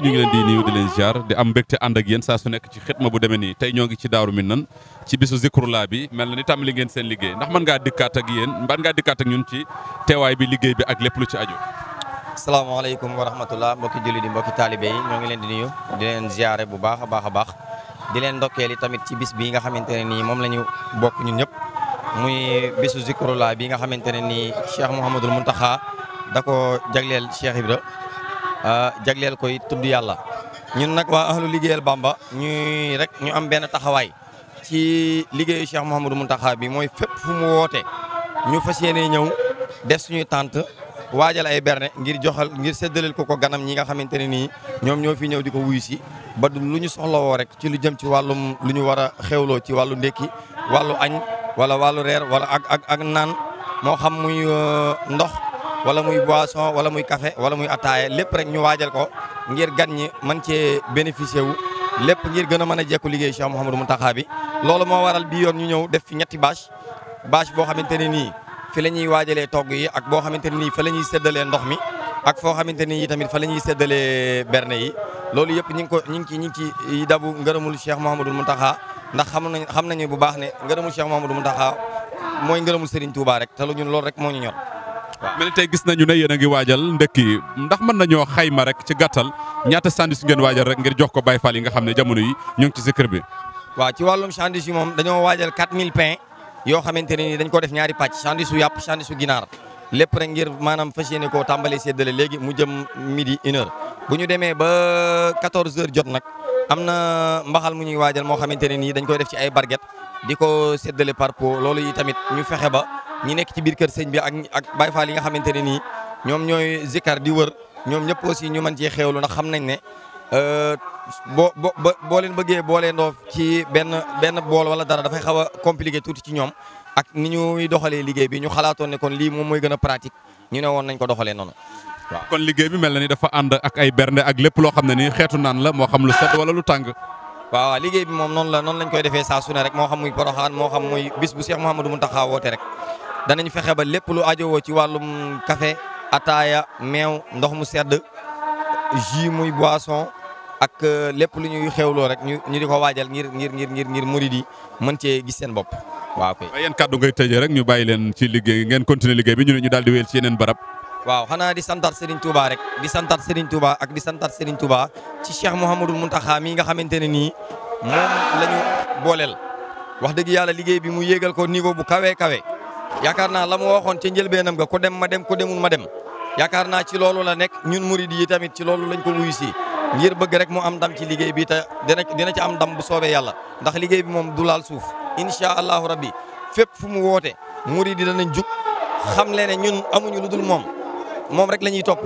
ñu ngi leen di nuyu di leen ziar di am mbégte ànd ak yéen saa su nekk ci xitma bu demee nii tey ñoo ngi ci Daaru Minam ci bisu Zikrullah bi mel na ni tàmbali ngeen seen liggéey ndax mën ngaa dikkaat ak yéen ban ngaa dikkaat ak ñun ci teewaay bi liggéey bi ak lépp lu ci aju. salaamaaleykum wa rahmatullah mbokki julli di mbokki taalibe yi ñoo ngi leen di nuyu di leen ziare bu baax a baax a baax di leen ndokkeel yi tamit ci bis bi nga xamante ne nii moom la ñu bokk muy bisu zikrullah bi nga xamante ne nii Cheikh Mouhamadul Mountakha da ko jagleel Cheikh Ibra ah, jagleel koy tudd yàlla ñun nag waa ahlu liggéeyal Bamba ñuy rek ñu am benn taxawaay ci liggéeyu Cheikh Mouhamadul Mountakha bi mooy fépp fu mu woote ñu fas yéene ñëw def suñuy tànt waajal ay berne ngir joxal ngir séddaleel ko ko ganam ñi nga xamante ne nii ñoom ñoo fi ñëw di ko wuyu si ba du lu ñu soxlawoo rek ci lu jëm ci wàllum lu ñu war a xewloo ci wàllu ndékki wala wàllu reer wala ak ak ak naan moo xam muy euh, ndox wala muy boisson wala muy kafe wala muy ataaya lépp rek ñu waajal ko ngir gan ñi mën cee bénéficier wu lépp ngir gën a mën a jekku liggéey Cheikh mu Mountakha bi loolu moo waral bi yoon ñu ñëw def fi ñetti bâche bâche boo xamante ne nii fi la ñuy waajalee togg yi ak boo xamante ne nii fa la ñuy séddalee ndox mi ak foo xamante ni tamit fa la ñuy séddalee berne yi loolu yëpp ñi ngi ko ñi ngi ci ñi ci dabu ngërëmul Cheikh Mouhamadou Mountakha ndax xam nañ xam nañu bu baax ne ngaramu ngërëmul moom Mamadou Mountakha mooy ngërëmul Serigne Touba rek te lu ñun loolu rek moo ñu ñor waaw mel ni tey gis nañu ne yéen a ngi waajal ndëkk ndax mën nañoo xayma rek ci gàttal ñaata sandis ngeen waajal rek ngir jox ko Baye Fall yi nga xam ne jamono yi ñu ngi ci zikr bi waaw ci wàllum sandis yi moom dañoo waajal 4000 pain yoo xamante ne ni dañ ko def ñaari pàcc sandis su yàpp sandis su ginaar lépp rek ngir maanaam fas yéene koo tàmbalee séddale léegi mu jëm midi une bu ñu demee ba 14 heures jot nag am na mbaxal mu ñuy waajal moo xamante ne nii dañ koy def ci ay barget di ko séddale par po loolu yi tamit ñu fexe ba ñu nekk ci biir kër sëñ bi ak ak Baay Faal yi nga xamante ne nii ñoom ñooy zikar di wër ñoom ñëpp aussi ñu mën cee xéewlu ndax xam nañ ne euh, boo boo boo leen bëggee boolee ndoof ci benn benn bool wala dara dafay xaw a compliqué tuuti ci ñoom ak ni ñuy doxalee liggéey bi ñu xalaatoon ne kon lii moom mooy gën a pratique ñu ne woon nañ ko doxalee noonu kon liggéey bi mel na ni dafa ànd ak ay bernde ak lépp loo xam ne ni xeetu naan la moo xam lu sedd wala lu tàng waaw liggéey bi moom noonu la noonu lañ koy defee saa su ne rek moo xam muy Poroxaan moo xam muy bis bu Cheikh Mouhamadou Mountakha woote rek danañ fexe ba lépp lu ajowoo ci wàllum café ataaya meew ndox mu sedd jus muy boisson ak euh, lépp lu ñuy xewloo rek ñu ñu di ko waajal ngir ngir ngir ngir ngir murid yi mën cee gis seen bopp waaw kay. yéen kàddu ngay tëjee rek leen ci liggéey ngeen continuer liggéey bi ñu ne ñu daal di yeneen barab. waaw xanaa di santat Serigne Touba rek di santat Serigne Touba ak di santat Serigne Touba ci Cheikh Mouhamadul Mountakha mi nga xamante ne nii moom la booleel. wax dëgg yàlla liggéey bi mu yéegal ko niveau bu kawe kawe yaakaar naa la mu waxoon ca njëlbeenam nga ko dem ma dem ko demul ma dem yaakaar naa ci loolu la nekk ñun murid yi tamit ci loolu lañ ko wuyu si ngir bëgg rek mu am ndam ci liggéey bi te dina dina ci am ndam bu soobee yàlla ndax liggéey bi moom du laal suuf incha allahu rabbi fépp fu mu woote murid yi danañ jug xam leen ñun amuñu lu dul moom moom rek la ñuy topp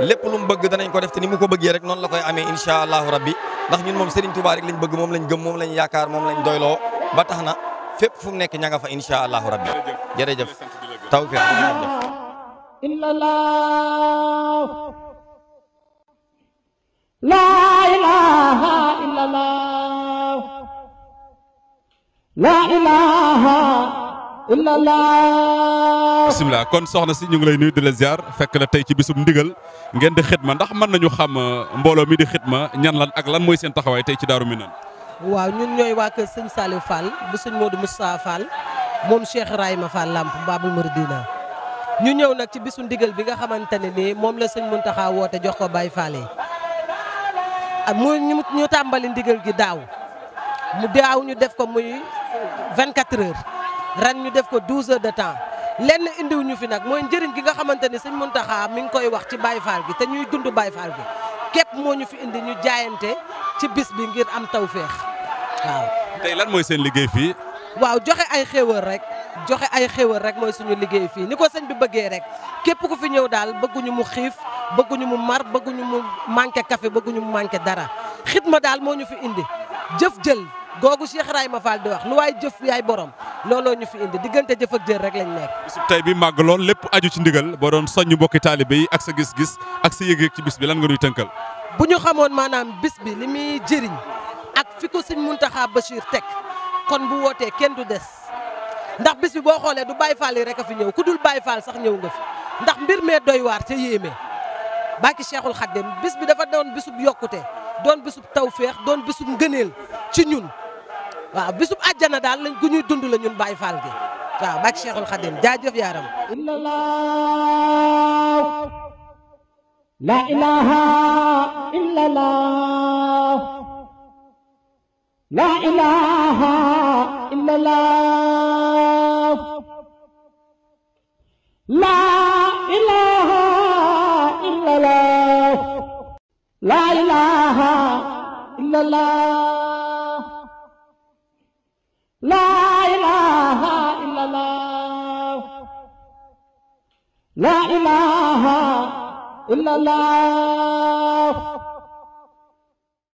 lépp lu mu bëgg danañ ko def ni mu ko bëggee rek noonu la koy amee incha allahu rabbi ndax ñun moom Serigne Touba rek lañ bëgg moom lañ gëm moom lañ yaakaar moom lañ doyloo ba tax na fépp fu mu nekk ña nga fa incha allahu rabbi jërëjëf tawfiq illallah la ilaha illallah la ilaha illallah bisimilah kon soxna si ñu ngi lay nuyu di la ziar fekk la tey ci bisum ndigal ngeen di xitma ndax mën nañu xam euh, mbooloo mi di xitma ñan lan ak lan mooy seen taxawaay tey ci Daaru Minane waaw ñun ñooy waa kër sëñ Saliou Fall bu sëñ Modou Moustapha Fall moom Cheikh Rahima Fall Lamp Babul Mouridina ñu ñëw nag ci bisu ndigal bi nga xamante ne nii moom la sëñ Mountakha woote jox ko Baye Fall yi ah, mu ñu tàmbali ndigal gi daaw mu daaw ñu def ko muy 24 heures ren ñu def ko 12 heures de temps lenn indiw ñu fi nag mooy njëriñ gi nga xamante ni sëñ Muntaxa mi ngi koy wax ci Baye Fall gi te ñuy dund Baye Fall gi képp moo ñu fi indi ñu jaayante ci bis bi ngir am tawféex waaw. tey lan mooy seen liggéey fii. waaw joxe ay xéewal rek joxe ay xéewal rek mooy suñu liggéey fii ni ko sëñ bi bëggee rek képp ku fi ñëw daal bëgguñu mu xiif bëgguñu mu mar bëgguñu mu manqué kafe bëgguñu mu manqué dara xitma daal moo ñu fi indi jëf jël googu Cheikh Ibrahima Fall di wax lu waay jëf yaay borom looloo ñu fi indi diggante jëf ak rek lañ nekk. bisub tey bi màgg lool lépp aju ci ndigal boo doon soññu bokki taalibe yi ak sa gis-gis ak sa yëg-yëg ci bis bi lan nga nuy tënkal. bu ñu xamoon maanaam bis bi li muy jëriñ ak fi ko sëñ Muntaxa Bachir teg kon bu wootee kenn du des ndax bis bi boo xoolee du Baye Fall yi rek a fi ñëw ku dul Baye Fall sax ñëw nga fi ndax mbir mee doy waar te yéeme bàkki Cheikhul Khadim bis bi dafa doon bisub yokkute doon bisub tawféex doon bisub ngëneel ci ñun. waaw bisub àjjana daal lañ gu ñuy dund la ñun Baye Fall gi waaw bàkk Cheikhul Khadim jaajëf yaaram la ilaha illallah